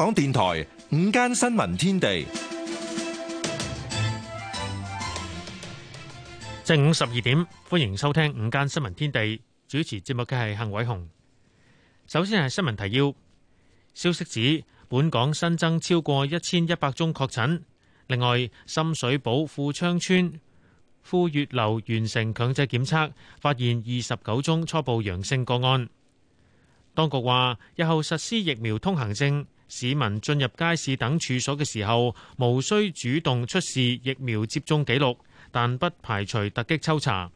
港電台午間新聞天地，正午十二點，歡迎收聽午間新聞天地。主持節目嘅係幸偉雄。首先係新聞提要，消息指本港新增超過一千一百宗確診。另外，深水埗富昌村富月樓完成強制檢測，發現二十九宗初步陽性個案。當局話日後實施疫苗通行證。市民進入街市等處所嘅時候，無需主動出示疫苗接種記錄，但不排除突擊抽查。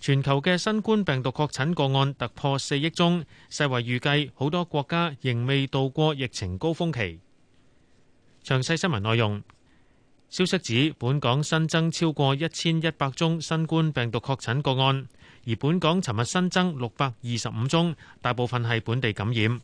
全球嘅新冠病毒確診個案突破四億宗，世衞預計好多國家仍未渡過疫情高峰期。詳細新聞內容，消息指本港新增超過一千一百宗新冠病毒確診個案，而本港尋日新增六百二十五宗，大部分係本地感染。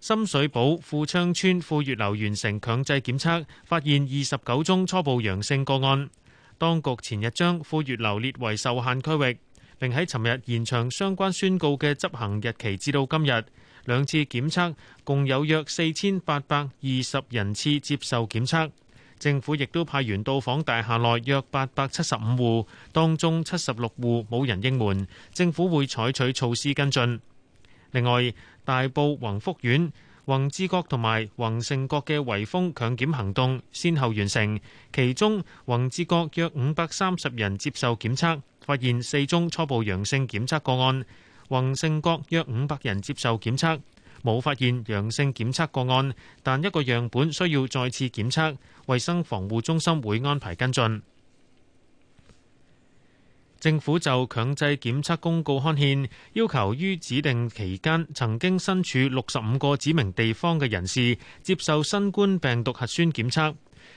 深水埗富昌邨富月樓完成強制檢測，發現二十九宗初步陽性個案。當局前日將富月樓列為受限區域，並喺尋日延長相關宣告嘅執行日期至到今日。兩次檢測共有約四千八百二十人次接受檢測。政府亦都派員到訪大廈內約八百七十五戶，當中七十六戶冇人應門，政府會採取措施跟進。另外，大埔宏福苑、宏志國同埋宏盛國嘅圍封強檢行動先後完成，其中宏志國約五百三十人接受檢測，發現四宗初步陽性檢測個案；宏盛國約五百人接受檢測，冇發現陽性檢測個案，但一個樣本需要再次檢測，衛生防護中心會安排跟進。政府就強制檢測公告刊憲，要求於指定期間曾經身處六十五個指明地方嘅人士接受新冠病毒核酸檢測。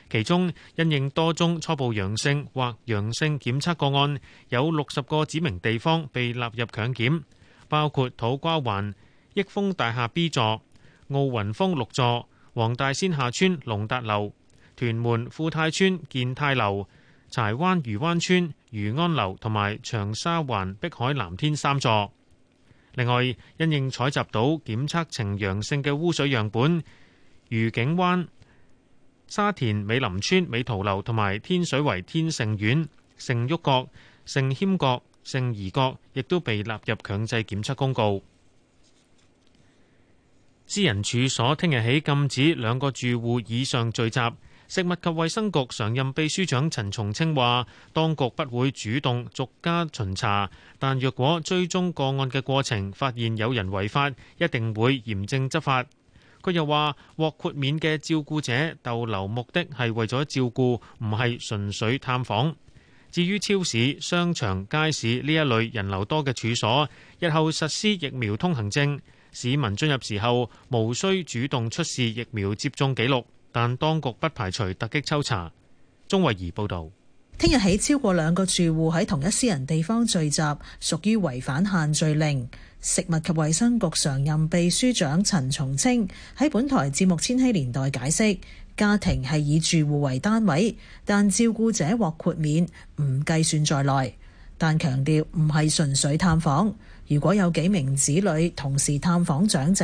其中，因應多宗初步陽性或陽性檢測個案，有六十個指明地方被納入強檢，包括土瓜灣益豐大廈 B 座、奧雲峰六座、黃大仙下村龍達樓、屯門富泰村健泰樓。柴灣漁灣村、漁安樓同埋長沙灣碧海藍天三座，另外因應採集到檢測呈陽性嘅污水樣本，愉景灣、沙田美林村美桃樓同埋天水圍天盛苑、盛旭閣、盛謙閣、盛怡閣，亦都被納入強制檢測公告。私人處所聽日起禁止兩個住戶以上聚集。食物及衛生局常任秘書長陳松青話，當局不會主動逐家巡查，但若果追蹤個案嘅過程發現有人違法，一定會嚴正執法。佢又話，獲豁免嘅照顧者逗留目的係為咗照顧，唔係純粹探訪。至於超市、商場、街市呢一類人流多嘅處所，日後實施疫苗通行證，市民進入時候無需主動出示疫苗接種記錄。但當局不排除突擊抽查。鍾慧儀報導，聽日起超過兩個住戶喺同一私人地方聚集，屬於違反限聚令。食物及衛生局常任秘書長陳松青喺本台節目《千禧年代》解釋，家庭係以住戶為單位，但照顧者獲豁免，唔計算在內。但強調唔係純粹探訪。如果有幾名子女同時探訪長者，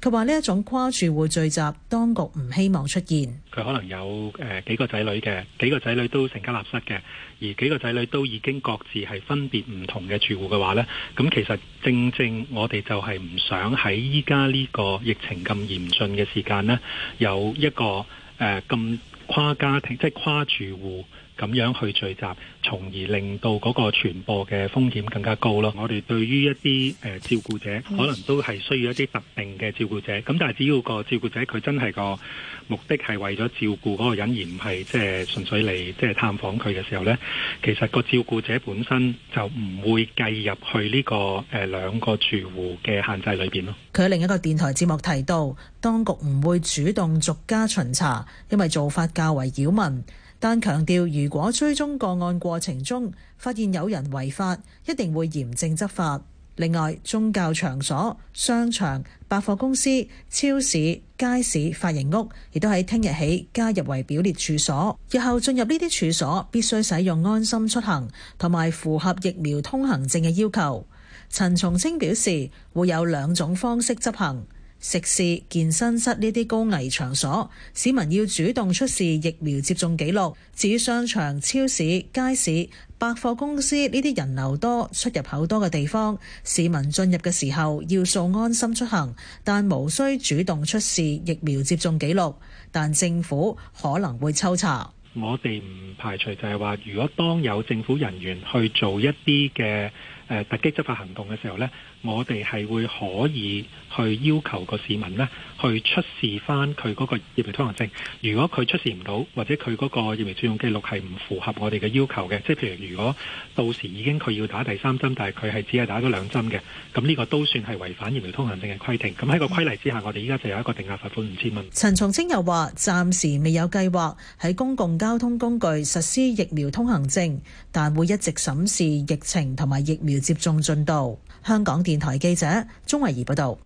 佢話呢一種跨住戶聚集，當局唔希望出現。佢可能有誒幾個仔女嘅，幾個仔女都成家立室嘅，而幾個仔女都已經各自係分別唔同嘅住戶嘅話呢，咁其實正正我哋就係唔想喺依家呢個疫情咁嚴峻嘅時間呢，有一個誒咁跨家庭，即係跨住戶。咁樣去聚集，從而令到嗰個傳播嘅風險更加高咯。我哋對於一啲誒、呃、照顧者，可能都係需要一啲特定嘅照顧者。咁但係只要個照顧者佢真係個目的係為咗照顧嗰個人，而唔係即係純粹嚟即係探訪佢嘅時候呢，其實個照顧者本身就唔會計入去呢、這個誒、呃、兩個住戶嘅限制裏邊咯。佢喺另一個電台節目提到，當局唔會主動逐家巡查，因為做法較為擾民。但強調，如果追蹤個案過程中發現有人違法，一定會嚴正執法。另外，宗教場所、商場、百貨公司、超市、街市、髮型屋，亦都喺聽日起加入為表列處所。日後進入呢啲處所，必須使用安心出行，同埋符合疫苗通行證嘅要求。陳松青表示，會有兩種方式執行。食肆、健身室呢啲高危場所，市民要主動出示疫苗接種記錄。至於商場、超市、街市、百貨公司呢啲人流多、出入口多嘅地方，市民進入嘅時候要掃安心出行，但無需主動出示疫苗接種記錄，但政府可能會抽查。我哋唔排除就係話，如果當有政府人員去做一啲嘅誒突擊執法行動嘅時候咧。我哋係會可以去要求個市民呢去出示翻佢嗰個疫苗通行證。如果佢出示唔到，或者佢嗰個疫苗接種記錄係唔符合我哋嘅要求嘅，即係譬如如果到時已經佢要打第三針，但係佢係只係打咗兩針嘅，咁呢個都算係違反疫苗通行證嘅規定。咁喺個規例之下，我哋依家就有一個定額罰款五千蚊。陳松青又話：暫時未有計劃喺公共交通工具實施疫苗通行證，但會一直審視疫情同埋疫苗接種進度。香港電台記者鍾慧怡報道：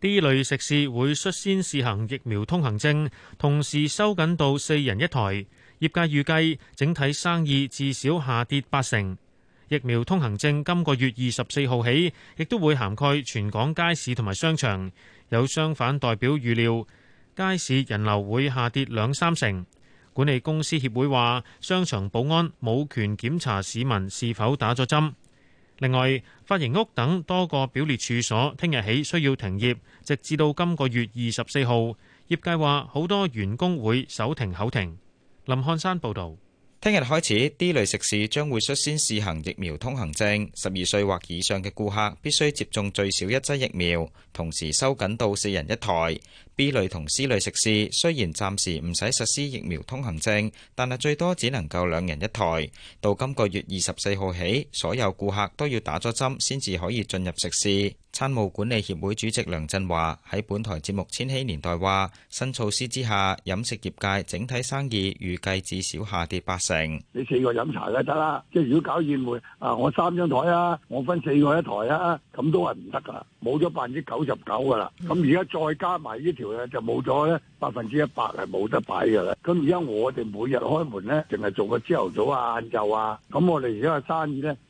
呢類食肆會率先試行疫苗通行證，同時收緊到四人一台。業界預計整體生意至少下跌八成。疫苗通行證今個月二十四號起，亦都會涵蓋全港街市同埋商場。有商販代表預料街市人流會下跌兩三成。管理公司協會話，商場保安冇權檢查市民是否打咗針。另外，髮型屋等多個表列處所，聽日起需要停業，直至到今個月二十四號。業界話，好多員工會手停口停。林漢山報導。聽日開始，D 類食肆將會率先試行疫苗通行證，十二歲或以上嘅顧客必須接種最少一劑疫苗，同時收緊到四人一台。B 類同 C 類食肆雖然暫時唔使實施疫苗通行證，但係最多只能夠兩人一台。到今個月二十四號起，所有顧客都要打咗針先至可以進入食肆。餐務管理協會主席梁振華喺本台節目《千禧年代》話：新措施之下，飲食業界整體生意預計至少下跌八成。你四個飲茶就得啦，即係如果搞宴會啊，我三張台啊，我分四個一台啊，咁都係唔得噶，冇咗百分之九十九噶啦。咁而家再加埋呢條。就冇咗咧，百分之一百係冇得擺嘅啦。咁而家我哋每日開門咧，淨係做個朝頭早啊、晏晝啊。咁我哋而家嘅生意咧，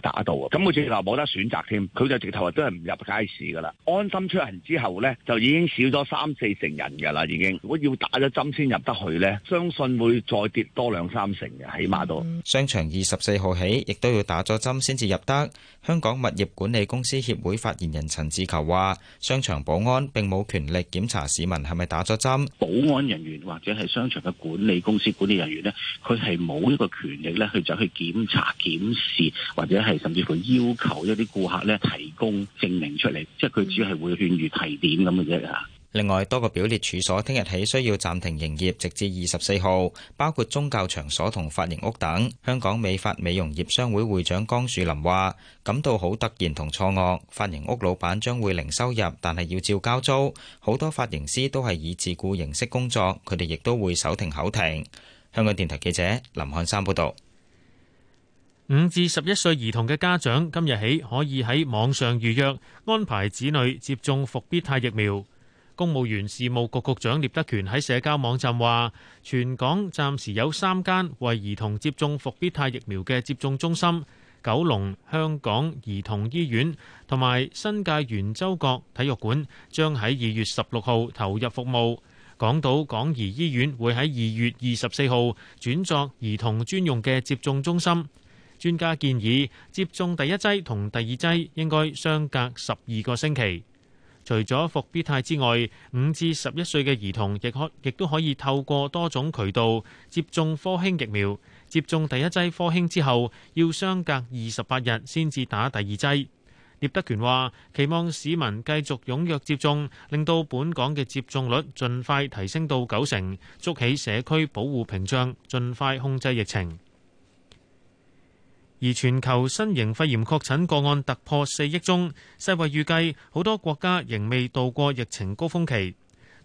打到啊！咁好似頭冇得選擇添，佢就直頭話都係唔入街市噶啦。安心出行之後咧，就已經少咗三四成人噶啦，已經。如果要打咗針先入得去咧，相信會再跌多兩三成嘅，起碼都。商場二十四號起，亦都要打咗針先至入得。香港物業管理公司協會發言人陳志球話：，商場保安並冇權力檢查市民係咪打咗針，保安人員或者係商場嘅管理公司管理人員咧，佢係冇一個權力咧去走去檢查、檢視或者係。係甚至佢要求一啲顧客咧提供證明出嚟，即係佢只係會勸喻提點咁嘅啫嚇。另外，多個表列處所聽日起需要暫停營業，直至二十四號，包括宗教場所同髮型屋等。香港美髮美容業商會會長江樹林話：感到好突然同錯愕，髮型屋老闆將會零收入，但係要照交租。好多髮型師都係以自雇形式工作，佢哋亦都會手停口停。香港電台記者林漢山報道。五至十一歲兒童嘅家長今日起可以喺網上預約安排子女接種復必泰疫苗。公務員事務局局長聶德權喺社交網站話，全港暫時有三間為兒童接種復必泰疫苗嘅接種中心，九龍香港兒童醫院同埋新界圓洲角體育館將喺二月十六號投入服務。港島港怡醫院會喺二月二十四號轉作兒童專用嘅接種中心。專家建議接種第一劑同第二劑應該相隔十二個星期。除咗復必泰之外，五至十一歲嘅兒童亦可亦都可以透過多種渠道接種科興疫苗。接種第一劑科興之後，要相隔二十八日先至打第二劑。聶德權話：期望市民繼續踴躍接種，令到本港嘅接種率盡快提升到九成，築起社區保護屏障，盡快控制疫情。而全球新型肺炎確診個案突破四億宗，世衛預計好多國家仍未度過疫情高峰期。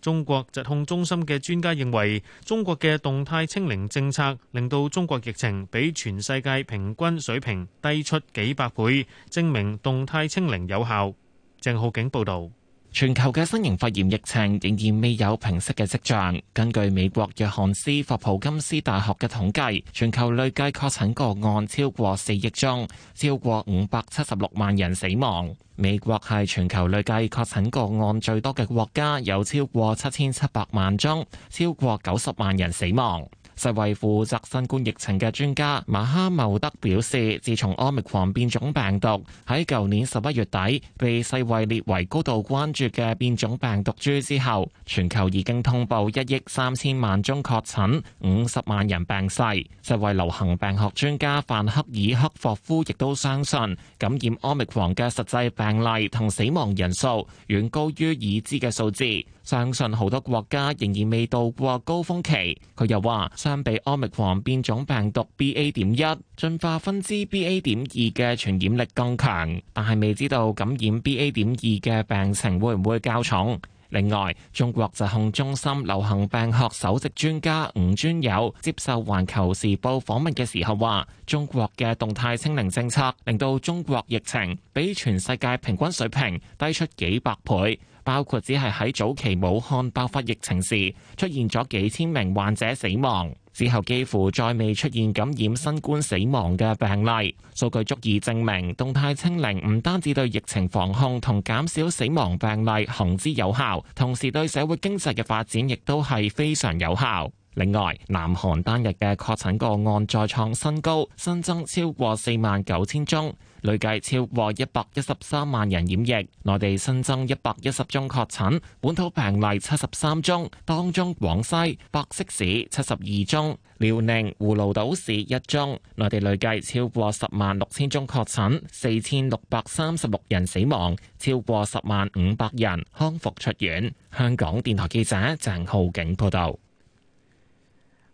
中國疾控中心嘅專家認為，中國嘅動態清零政策令到中國疫情比全世界平均水平低出幾百倍，證明動態清零有效。鄭浩景報道。全球嘅新型肺炎疫情仍然未有平息嘅跡象。根據美國約翰斯霍普金斯大學嘅統計，全球累計確診個案超過四億宗，超過五百七十六萬人死亡。美國係全球累計確診個案最多嘅國家，有超過七千七百萬宗，超過九十萬人死亡。世衛負責新冠疫情嘅專家馬哈茂德表示，自從奧密克戎變種病毒喺舊年十一月底被世衛列為高度關注嘅變種病毒株之後，全球已經通報一億三千萬宗確診，五十萬人病逝。世衛流行病學專家范克爾克霍夫亦都相信，感染奧密克戎嘅實際病例同死亡人數遠高於已知嘅數字。相信好多國家仍然未到過高峰期。佢又話：相比奧密克戎變種病毒 B A. 點一進化分支 B A. 點二嘅傳染力更強，但係未知道感染 B A. 點二嘅病情會唔會較重。另外，中國疾控中心流行病學首席專家吳尊友接受《環球時報》訪問嘅時候話：中國嘅動態清零政策令到中國疫情比全世界平均水平低出幾百倍。包括只係喺早期武漢爆發疫情時出現咗幾千名患者死亡，之後幾乎再未出現感染新冠死亡嘅病例。數據足以證明，動態清零唔單止對疫情防控同減少死亡病例行之有效，同時對社會經濟嘅發展亦都係非常有效。另外，南韓單日嘅確診個案再創新高，新增超過四萬九千宗，累計超過一百一十三萬人染疫。內地新增一百一十宗確診，本土病例七十三宗，當中廣西百色市七十二宗，遼寧葫蘆島市一宗。內地累計超過十萬六千宗確診，四千六百三十六人死亡，超過十萬五百人康復出院。香港電台記者鄭浩景報道。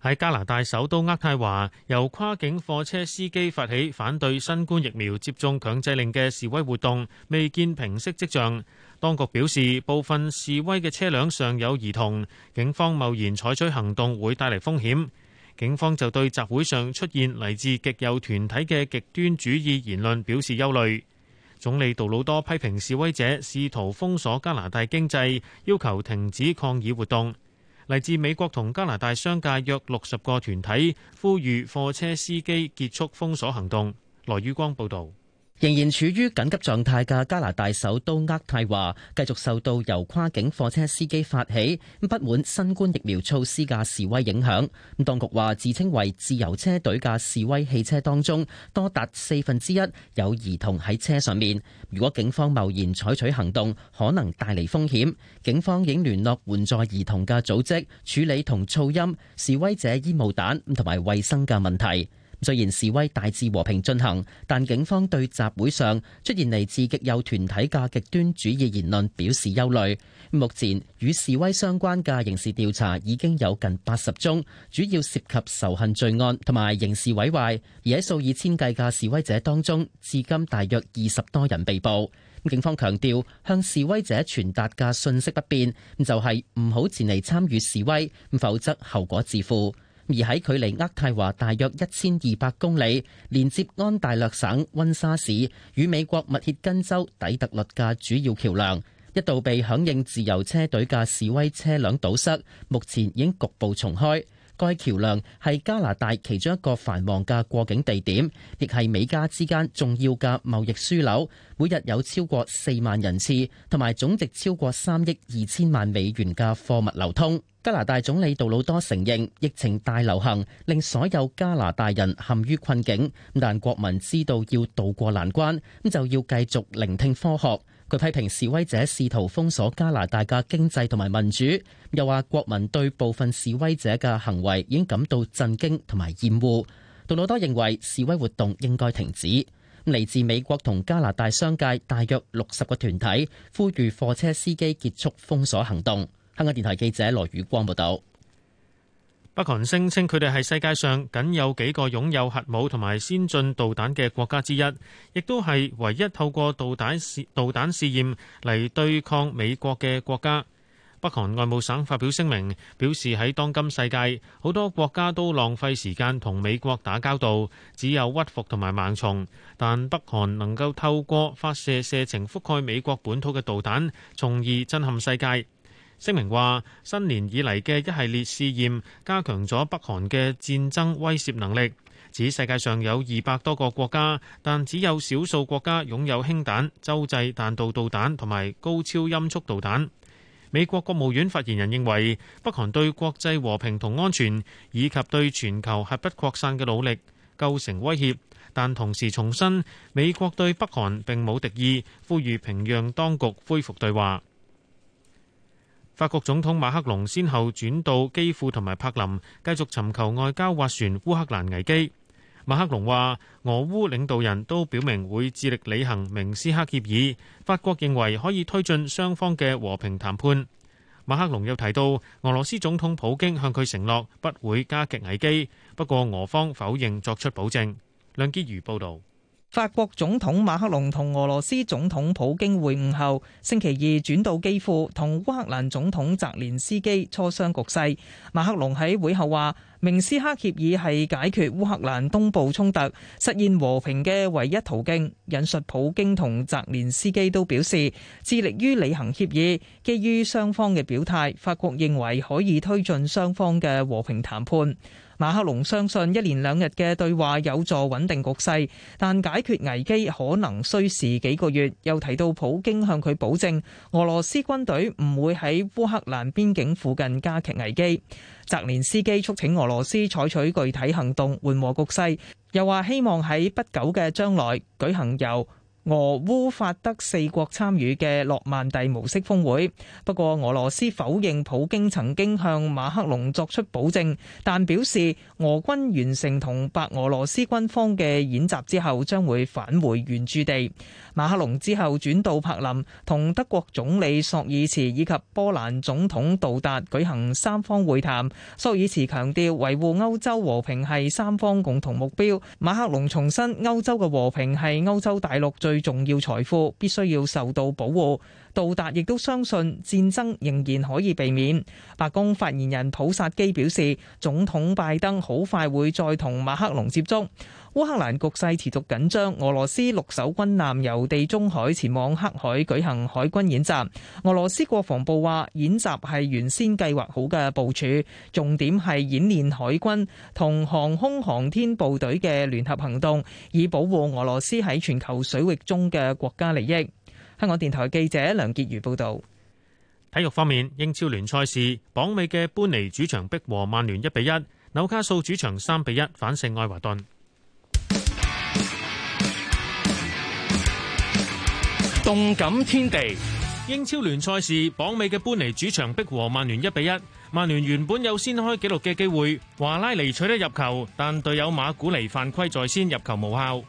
喺加拿大首都渥太華，由跨境貨車司機發起反對新冠疫苗接種強制令嘅示威活動，未見平息跡象。當局表示，部分示威嘅車輛上有兒童，警方貿然採取行動會帶嚟風險。警方就對集會上出現嚟自極右團體嘅極端主義言論表示憂慮。總理杜魯多批評示威者試圖封鎖加拿大經濟，要求停止抗議活動。嚟自美國同加拿大商界約六十個團體呼籲貨車司機結束封鎖行動，羅宇光報道。仍然處於緊急狀態嘅加拿大首都渥太華，繼續受到由跨境貨車司機發起不滿新冠疫苗措施嘅示威影響。咁當局話，自稱為自由車隊嘅示威汽車當中，多達四分之一有兒童喺車上面。如果警方貿然採取行動，可能帶嚟風險。警方已經聯絡援助兒童嘅組織，處理同噪音示威者煙霧彈同埋衞生嘅問題。雖然示威大致和平進行，但警方對集會上出現嚟自極右團體嘅極端主義言論表示憂慮。目前與示威相關嘅刑事調查已經有近八十宗，主要涉及仇恨罪案同埋刑事毀壞。而喺數以千計嘅示威者當中，至今大約二十多人被捕。警方強調向示威者傳達嘅訊息不變，就係唔好前嚟參與示威，否則後果自負。而喺距離渥太華大約一千二百公里，連接安大略省溫莎市與美國密歇根州底特律嘅主要橋梁，一度被響應自由車隊嘅示威車輛堵塞，目前已經局部重開。該橋梁係加拿大其中一個繁忙嘅過境地點，亦係美加之間重要嘅貿易樞紐。每日有超過四萬人次，同埋總值超過三億二千萬美元嘅貨物流通。加拿大總理杜魯多承認疫情大流行令所有加拿大人陷於困境，但國民知道要渡過難關，咁就要繼續聆聽科學。佢批評示威者試圖封鎖加拿大嘅經濟同埋民主，又話國民對部分示威者嘅行為已經感到震驚同埋厭惡。杜魯多認為示威活動應該停止。嚟自美國同加拿大商界大約六十個團體呼籲貨車司機結束封鎖行動。香港電台記者羅宇光報道。北韓聲稱，佢哋係世界上僅有幾個擁有核武同埋先進導彈嘅國家之一，亦都係唯一透過導彈試導彈試驗嚟對抗美國嘅國家。北韓外務省發表聲明，表示喺當今世界，好多國家都浪費時間同美國打交道，只有屈服同埋盲從，但北韓能夠透過發射射程覆蓋美國本土嘅導彈，從而震撼世界。聲明話：新年以嚟嘅一系列試驗，加強咗北韓嘅戰爭威懾能力。指世界上有二百多個國家，但只有少數國家擁有氫彈、洲際彈道導彈同埋高超音速導彈。美國國務院發言人認為，北韓對國際和平同安全以及對全球核不擴散嘅努力構成威脅，但同時重申美國對北韓並冇敵意，呼籲平壤當局恢復對話。法國總統馬克龍先後轉到基輔同埋柏林，繼續尋求外交斡旋烏克蘭危機。馬克龍話：俄烏領導人都表明會致力履行明斯克協議，法國認為可以推進雙方嘅和平談判。馬克龍又提到，俄羅斯總統普京向佢承諾不會加劇危機，不過俄方否認作出保證。梁潔如報道。法國總統馬克龍同俄羅斯總統普京會晤後，星期二轉到基輔同烏克蘭總統澤連斯基磋商局勢。馬克龍喺會後話，明斯克協議係解決烏克蘭東部衝突、實現和平嘅唯一途徑。引述普京同澤連斯基都表示，致力於履行協議。基於雙方嘅表態，法國認為可以推進雙方嘅和平談判。馬克龍相信一連兩日嘅對話有助穩定局勢，但解決危機可能需時幾個月。又提到普京向佢保證，俄羅斯軍隊唔會喺烏克蘭邊境附近加劇危機。澤連斯基促請俄羅斯採取具體行動緩和局勢，又話希望喺不久嘅將來舉行由俄烏法德四國參與嘅諾曼第模式峰會，不過俄羅斯否認普京曾經向馬克龍作出保證，但表示俄軍完成同白俄羅斯軍方嘅演習之後，將會返回原駐地。馬克龍之後轉到柏林，同德國總理索爾茨以及波蘭總統杜達舉行三方會談。索爾茨強調維護歐洲和平係三方共同目標。馬克龍重申歐洲嘅和平係歐洲大陸最重要財富，必須要受到保護。杜達亦都相信戰爭仍然可以避免。白宮發言人普薩基表示，總統拜登好快會再同馬克龍接觸。烏克蘭局勢持續緊張，俄羅斯六艘軍艦由地中海前往黑海舉行海軍演習。俄羅斯國防部話，演習係原先計劃好嘅部署，重點係演練海軍同航空航天部隊嘅聯合行動，以保護俄羅斯喺全球水域中嘅國家利益。香港電台記者梁潔如報道。體育方面，英超聯賽事，榜尾嘅班尼主場逼和曼聯一比一，紐卡素主場三比一反勝愛華頓。動感天地，英超聯賽事，榜尾嘅般尼主場逼和曼聯一比一。曼聯原本有先開紀錄嘅機會，華拉尼取得入球，但隊友馬古尼犯規在先，入球無效。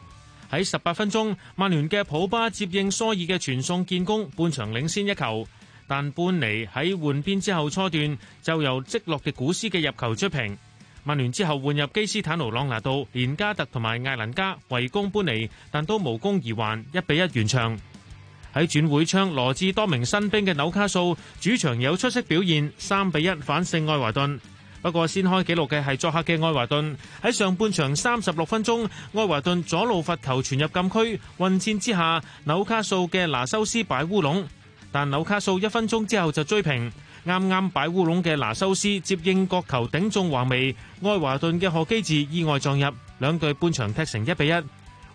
喺十八分鐘，曼聯嘅普巴接應蘇爾嘅傳送建功，半場領先一球。但般尼喺換邊之後初段就由積落嘅古斯嘅入球追平。曼聯之後換入基斯坦奴·朗拿度、連加特同埋艾蘭加圍攻般尼，但都無功而還，一比一完場。喺轉會窗羅致多名新兵嘅紐卡素主場有出色表現，三比一反勝愛華頓。不過先開紀錄嘅係作客嘅愛華頓。喺上半場三十六分鐘，愛華頓左路罰球傳入禁區，混戰之下紐卡素嘅拿修斯擺烏龍，但紐卡素一分鐘之後就追平。啱啱擺烏龍嘅拿修斯接應角球頂中橫楣，愛華頓嘅賀基治意外撞入，兩隊半場踢成一比一。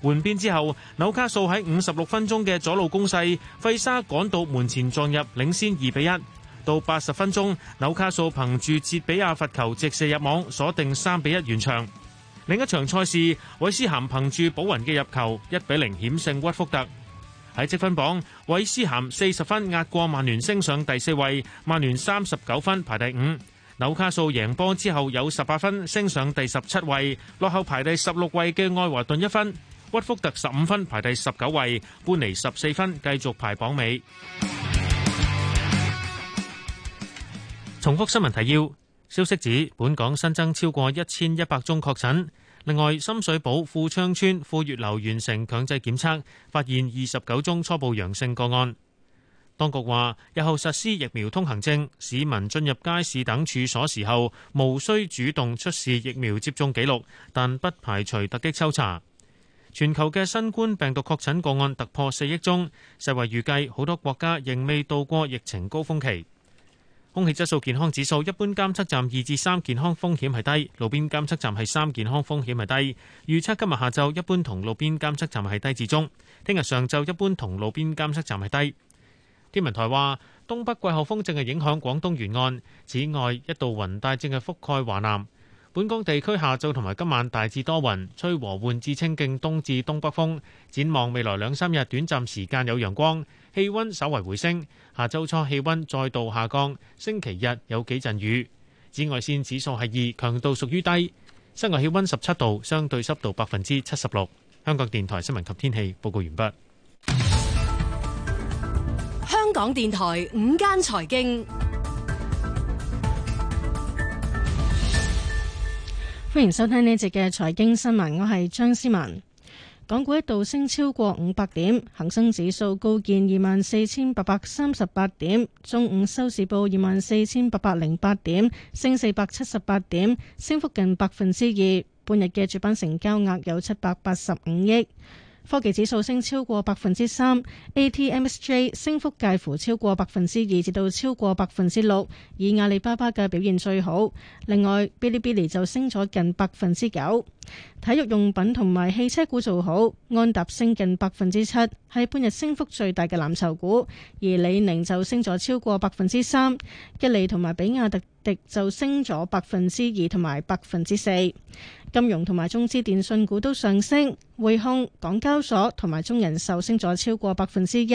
換邊之後，紐卡素喺五十六分鐘嘅左路攻勢，費沙趕到門前撞入，領先二比一。到八十分鐘，紐卡素憑住捷比亞罰球直射入網，鎖定三比一完場。另一場賽事，韋斯咸憑住保雲嘅入球一比零險勝屈福特。喺積分榜，韋斯咸四十分壓過曼聯，升上第四位；曼聯三十九分排第五。紐卡素贏波之後有十八分，升上第十七位，落後排第十六位嘅愛華頓一分。屈福特十五分排第十九位，般尼十四分繼續排榜尾。重複新聞提要，消息指，本港新增超過一千一百宗確診。另外，深水埗富昌邨富月樓完成強制檢測，發現二十九宗初步陽性個案。當局話，日後實施疫苗通行證，市民進入街市等處所時候，無需主動出示疫苗接種記錄，但不排除突擊抽查。全球嘅新冠病毒確診個案突破四億宗，世衛預計好多國家仍未度過疫情高峰期。空氣質素健康指數，一般監測站二至三健康風險係低，路邊監測站係三健康風險係低。預測今日下晝一般同路邊監測站係低至中，聽日上晝一般同路邊監測站係低。天文台話，東北季候風正係影響廣東沿岸，此外一道雲帶正係覆蓋華南。本港地區下晝同埋今晚大致多雲，吹和緩至清勁東至東北風。展望未來兩三日短暫時間有陽光，氣溫稍為回升。下週初氣溫再度下降，星期日有幾陣雨。紫外線指數係二，強度屬於低。室外氣溫十七度，相對濕度百分之七十六。香港電台新聞及天氣報告完畢。香港電台午間財經。歡迎收聽呢節嘅財經新聞，我係張思文。港股一度升超過五百點，恒生指數高見二萬四千八百三十八點，中午收市報二萬四千八百零八點，升四百七十八點，升幅近百分之二。半日嘅主板成交額有七百八十五億。科技指數升超過百分之三，ATMSJ 升幅介乎超過百分之二至到超過百分之六，以阿里巴巴嘅表現最好。另外，嗶哩嗶哩就升咗近百分之九。體育用品同埋汽車股做好，安踏升近百分之七，係半日升幅最大嘅藍籌股，而李寧就升咗超過百分之三，吉利同埋比亞迪就升咗百分之二同埋百分之四，金融同埋中資電訊股都上升，匯控、港交所同埋中人壽升咗超過百分之一。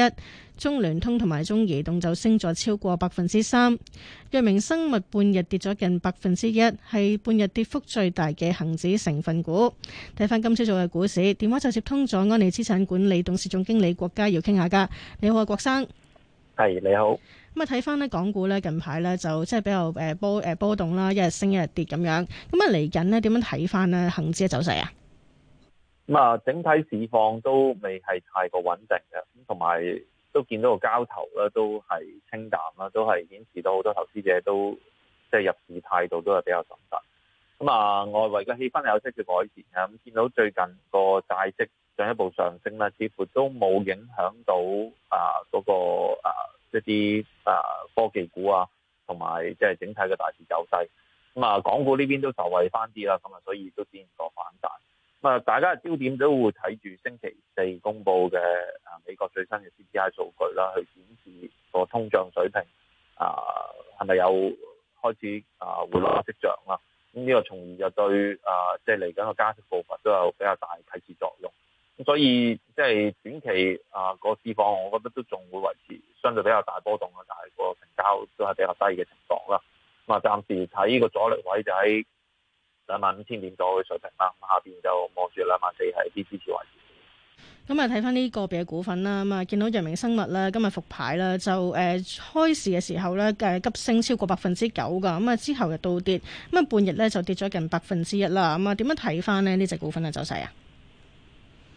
中聯通同埋中移動就升咗超過百分之三，藥明生物半日跌咗近百分之一，係半日跌幅最大嘅恒指成分股。睇翻今朝早嘅股市，電話就接通咗安利資產管理董事總經理郭家耀傾下噶。你好，郭生，係你好。咁啊，睇翻呢港股呢，近排呢就即係比較誒波誒波動啦，一日升一日跌咁樣。咁啊嚟緊呢點樣睇翻呢恒指嘅走勢啊？咁啊，整體市況都未係太過穩定嘅，咁同埋。都見到個交投咧都係清淡啦，都係顯示到好多投資者都即係入市態度都係比較謹慎。咁啊，外圍嘅氣氛有啲嘅改善嘅，咁啊，見到最近個債息進一步上升啦，似乎都冇影響到啊嗰個啊一啲啊科技股啊同埋即係整體嘅大市走勢。咁啊，港股呢邊都受惠翻啲啦，咁啊，所以都見到反彈。咁啊，大家嘅焦點都會睇住星期四公布嘅啊美國最新嘅 CPI 數據啦，去顯示個通脹水平啊，係咪有開始啊回落跡象啦？咁呢個從而就對啊，即係嚟緊個加息步伐都有比較大提示作用。咁所以即係短期啊個市況，我覺得都仲會維持相對比較大波動嘅，但係個成交都係比較低嘅情況啦。咁啊，暫時睇呢個阻力位就喺、是。兩萬五千點左右嘅水平啦，下邊就望住兩萬四係一啲支持位置。咁啊，睇翻呢個別嘅股份啦，咁啊，見到藥明生物咧，今日復牌啦，就誒、呃、開市嘅時候咧，誒急升超過百分之九噶，咁啊之後又倒跌，咁啊半日咧就跌咗近百分之一啦，咁啊點樣睇翻咧呢隻股份嘅走勢啊？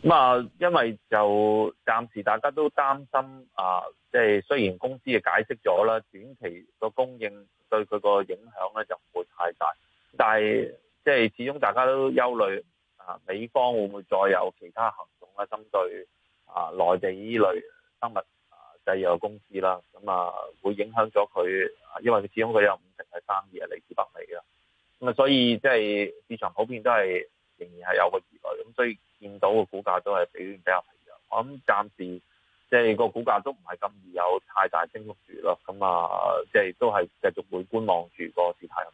咁啊，因為就暫時大家都擔心啊，即、就、係、是、雖然公司嘅解釋咗啦，短期個供應對佢個影響咧就唔會太大，但係。即係始終大家都憂慮啊，美方會唔會再有其他行動咧？針對啊內地依類生物啊製藥公司啦，咁啊會影響咗佢，因為佢始終佢有五成係生意係嚟自北美嘅，咁啊所以即係、就是、市場普遍都係仍然係有個疑慮，咁所以見到股個股價都係比比較平嘅。我諗暫時即係個股價都唔係咁易有太大升幅住咯，咁啊即係都係繼續會觀望住個市態嘅。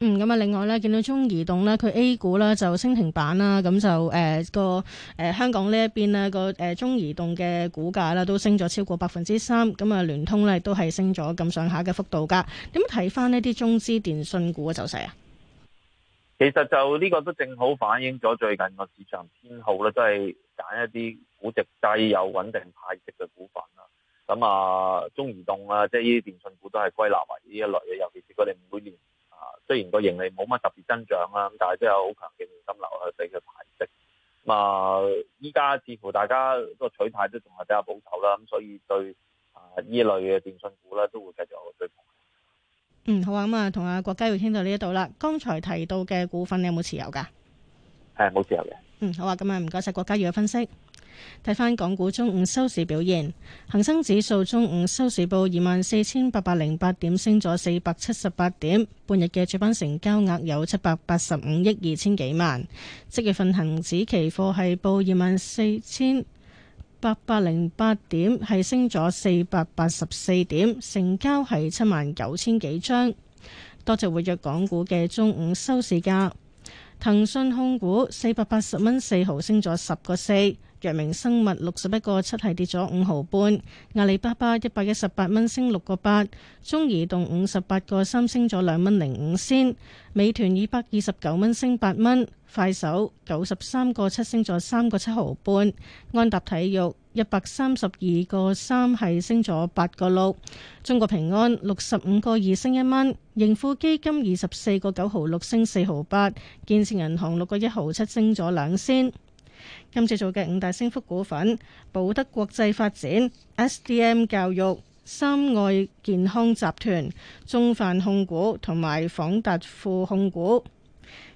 嗯，咁啊，另外咧，見到中移動咧，佢 A 股咧，就升停板啦，咁就誒、呃、個誒、呃、香港一邊呢一邊咧個誒、呃、中移動嘅股價啦都升咗超過百分之三，咁啊聯通咧都係升咗咁上下嘅幅度噶點樣睇翻呢啲中資電信股嘅走勢啊？其實就呢個都正好反映咗最近個市場偏好咧，都係揀一啲估值低、有穩定派息嘅股份啦。咁啊，中移動啊，即係呢啲電信股都係歸納為呢一類嘅，尤其是佢哋每年。啊，雖然個盈利冇乜特別增長啦，咁但係都有好強勁現金流去俾佢派息。咁啊，依家，似乎大家個取態都仲係比較保守啦，咁所以對啊呢類嘅電信股咧都會繼續有追捧。嗯，好啊，咁啊，同阿郭佳裕傾到呢一度啦。剛才提到嘅股份，你有冇持有噶？係冇持有嘅。嗯，好啊，咁啊，唔該晒郭家宇嘅分析。睇翻港股中午收市表現，恒生指數中午收市報二萬四千八百零八點，升咗四百七十八點。半日嘅主板成交額有七百八十五億二千幾萬。即月份恆指期貨係報二萬四千八百零八點，係升咗四百八十四點，成交係七萬九千幾張。多謝活躍港股嘅中午收市價。騰訊控股四百八十蚊四毫，升咗十個四。藥明生物六十一個七係跌咗五毫半，阿里巴巴一百一十八蚊升六個八，中移動五十八個三升咗兩蚊零五仙，美團二百二十九蚊升八蚊，快手九十三個七升咗三個七毫半，安踏體育一百三十二個三係升咗八個六，中國平安六十五個二升一蚊，盈富基金二十四個九毫六升四毫八，建設銀行六個一毫七升咗兩仙。今次做嘅五大升幅股份：寶德國際發展、S D M 教育、三愛健康集團、中泛控股同埋仿達富控股。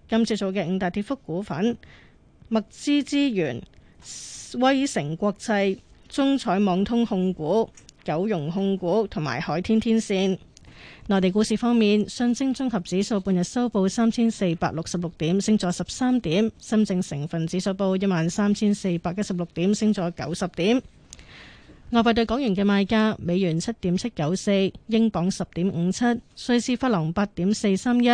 今次做嘅五大跌幅股份：麥資資源、威城國際、中彩網通控股、九融控股同埋海天天線。內地股市方面，上證綜合指數半日收報三千四百六十六點，升咗十三點；深證成分指數報一萬三千四百一十六點，升咗九十點。外匯對港元嘅賣價：美元七點七九四，英鎊十點五七，瑞士法郎八點四三一，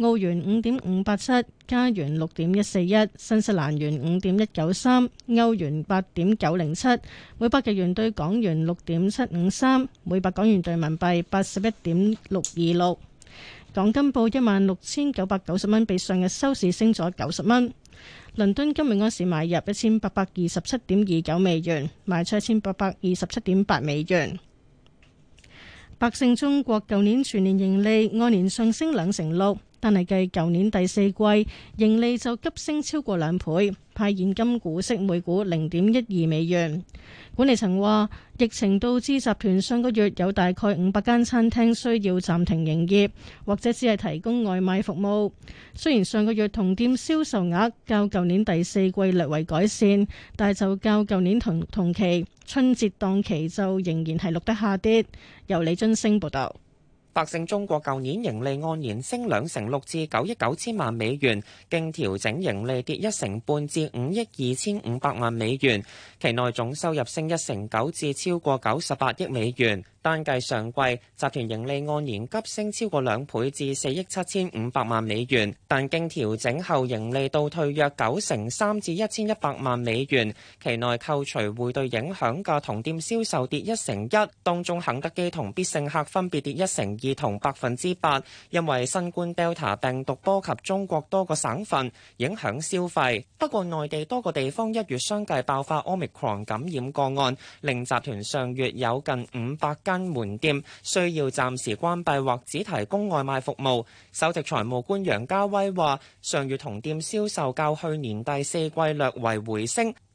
澳元五點五八七，加元六點一四一，新西蘭元五點一九三，歐元八點九零七，每百日元對港元六點七五三，每百港元兌人民幣八十一點六二六。港金報一萬六千九百九十蚊，比上日收市升咗九十蚊。倫敦今日按時買入一千八百二十七點二九美元，賣出一千八百二十七點八美元。百勝中國舊年全年盈利按年上升兩成六。但係計舊年第四季盈利就急升超過兩倍，派現金股息每股零點一二美元。管理層話，疫情導致集團上個月有大概五百間餐廳需要暫停營業，或者只係提供外賣服務。雖然上個月同店銷售額較舊年第四季略為改善，但係就較舊年同同期春節檔期就仍然係錄得下跌。由李津星報道。百勝中國舊年盈利按年升兩成六至九億九千萬美元，經調整盈利跌一成半至五億二千五百萬美元。期內總收入升一成九至超過九十八億美元。單計上季，集團盈利按年急升超過兩倍至四億七千五百萬美元，但經調整後盈利倒退約九成三至一千一百萬美元。期內扣除匯兌影響嘅同店銷售跌一成一，當中肯德基同必勝客分別跌一成二，同百分之八，因為新冠 Delta 病毒波及中國多個省份，影響消費，不過內地多個地方一月相繼爆發 Omicron 感染個案，令集團上月有近五百間門店需要暫時關閉或只提供外賣服務。首席財務官楊家威話，上月同店銷售較去年第四季略為回升。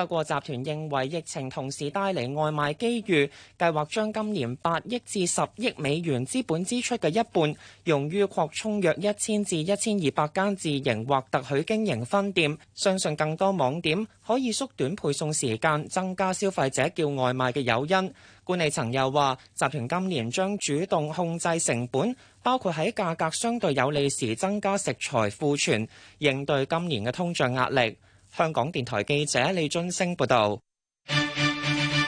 不過，集團認為疫情同時帶嚟外賣機遇，計劃將今年八億至十億美元資本支出嘅一半，用於擴充約一千至一千二百間自營或特許經營分店。相信更多網點可以縮短配送時間，增加消費者叫外賣嘅誘因。管理層又話，集團今年將主動控制成本，包括喺價格相對有利時增加食材庫存，應對今年嘅通脹壓力。香港電台記者李俊升報道。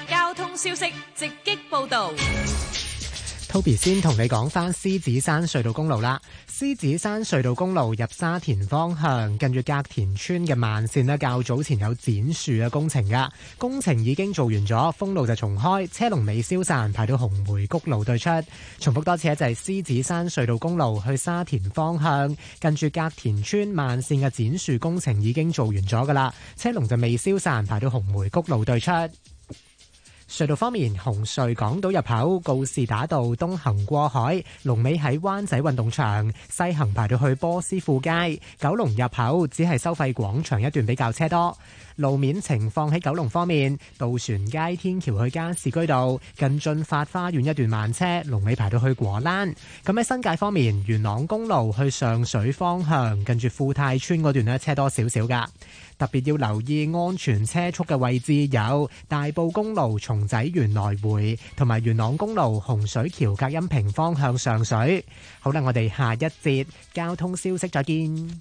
交通消息直擊報道。Toby 先同你講返獅子山隧道公路啦，獅子山隧道公路入沙田方向近住隔田村嘅慢線咧，較早前有剪樹嘅工程噶，工程已經做完咗，封路就重開，車龍未消散，排到紅梅谷路對出。重複多次，就係獅子山隧道公路去沙田方向近住隔田村慢線嘅剪樹工程已經做完咗噶啦，車龍就未消散，排到紅梅谷路對出。隧道方面，紅隧港島入口告士打道東行過海，龍尾喺灣仔運動場；西行排到去波斯富街。九龍入口只係收費廣場一段比較車多。路面情況喺九龍方面，渡船街天橋去加士居道近進發花園一段慢車，龍尾排到去果欄。咁喺新界方面，元朗公路去上水方向，近住富泰村嗰段咧車多少少噶。特別要留意安全車速嘅位置有大埔公路松仔園來回，同埋元朗公路洪水橋隔音屏方向上水。好啦，我哋下一節交通消息，再見。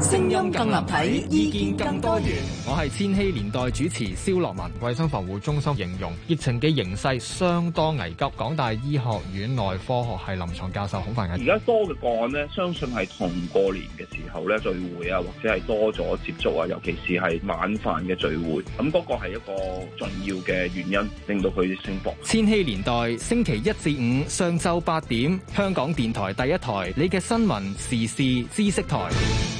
聲音更立體，意見更多元。我係千禧年代主持蕭樂文。衛生防護中心形容疫情嘅形勢相當危急。港大醫學院內科學系臨床教授孔繁毅。而家多嘅個案呢，相信係同過年嘅時候咧聚會啊，或者係多咗接觸啊，尤其是係晚飯嘅聚會，咁、那、嗰個係一個重要嘅原因，令到佢升博。千禧年代星期一至五上晝八點，香港電台第一台，你嘅新聞時事知識台。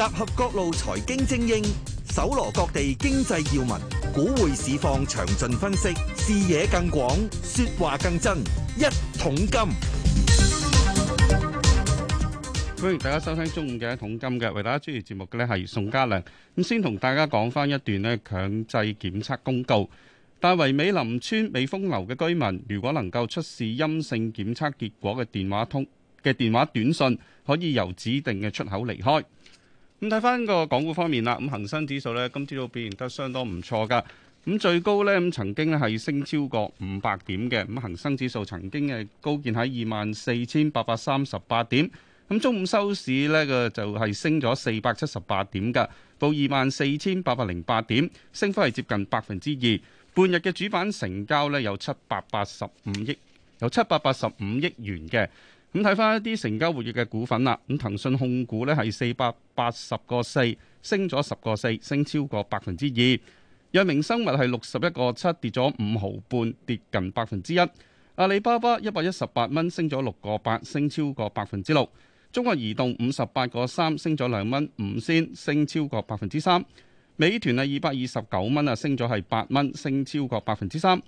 集合各路財經精英，搜羅各地經濟要聞，股匯市況詳盡分析，視野更廣，說話更真。一桶金，歡迎大家收聽中午嘅一桶金嘅。為大家主持節目嘅呢係宋嘉良。咁先同大家講返一段呢強制檢測公告。大圍美林村美楓樓嘅居民，如果能夠出示陰性檢測結果嘅電話通嘅電話短信，可以由指定嘅出口離開。咁睇翻個港股方面啦，咁恒生指數呢，今朝都表現得相當唔錯噶。咁最高呢，咁曾經咧係升超過五百點嘅。咁恒生指數曾經係高見喺二萬四千八百三十八點。咁中午收市呢個就係升咗四百七十八點㗎，到二萬四千八百零八點，升幅係接近百分之二。半日嘅主板成交呢，有七百八十五億，有七百八十五億元嘅。咁睇翻一啲成交活躍嘅股份啦，咁騰訊控股呢係四百八十個四，升咗十個四，升超過百分之二。藥明生物係六十一個七，跌咗五毫半，跌近百分之一。阿里巴巴一百一十八蚊，升咗六個八，升超過百分之六。中國移動五十八個三，升咗兩蚊五仙，升超過百分之三。美團係，二百二十九蚊啊，升咗係八蚊，升超過百分之三。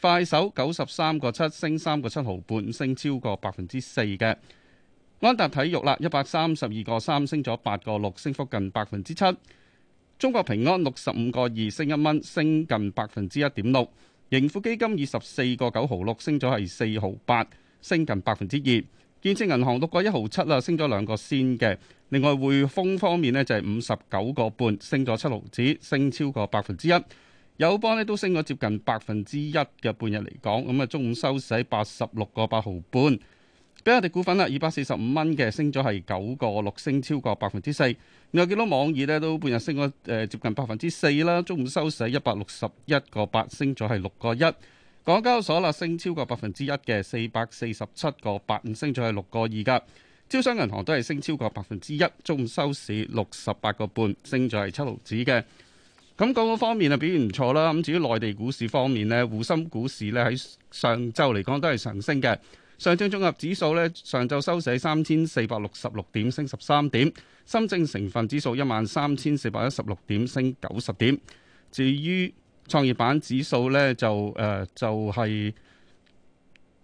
快手九十三個七，升三個七毫半，升超過百分之四嘅。安踏體育啦，一百三十二個三，升咗八個六，升幅近百分之七。中國平安六十五個二，升一蚊，升近百分之一點六。盈富基金二十四個九毫六升咗係四毫八，升近百分之二。建設銀行六個一毫七啦，升咗兩個先嘅。另外匯豐方面呢，就係五十九個半升咗七毫子，升超過百分之一。友邦咧都升咗接近百分之一嘅，半日嚟講，咁啊中午收市八十六個八毫半。比亞迪股份啦，二百四十五蚊嘅升咗係九個六，升超過百分之四。有幾多網易呢都半日升咗誒接近百分之四啦，中午收市一百六十一個八，升咗係六個一。港交所啦升超過百分之一嘅，四百四十七個八，升咗係六個二噶。招商銀行都係升超過百分之一，中午收市六十八個半，升咗係七毫子嘅。咁港股方面啊表現唔錯啦，咁至於內地股市方面呢，滬深股市呢喺上週嚟講都係上升嘅。上證綜合指數呢，上晝收市係三千四百六十六點，升十三點；深證成分指數一萬三千四百一十六點，升九十點。至於創業板指數呢，就誒、呃、就係、是、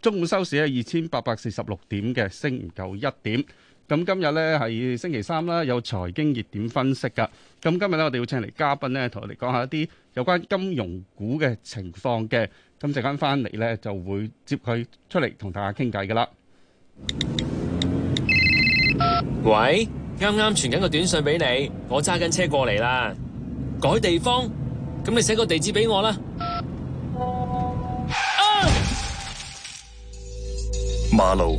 中午收市係二千八百四十六點嘅，升唔夠一點。咁今日咧係星期三啦，有財經熱點分析噶。咁今日咧，我哋要請嚟嘉賓咧，同我哋講下一啲有關金融股嘅情況嘅。咁陣間翻嚟咧，就會接佢出嚟同大家傾偈噶啦。喂，啱啱傳緊個短信俾你，我揸緊車過嚟啦。改地方？咁你寫個地址俾我啦。馬路。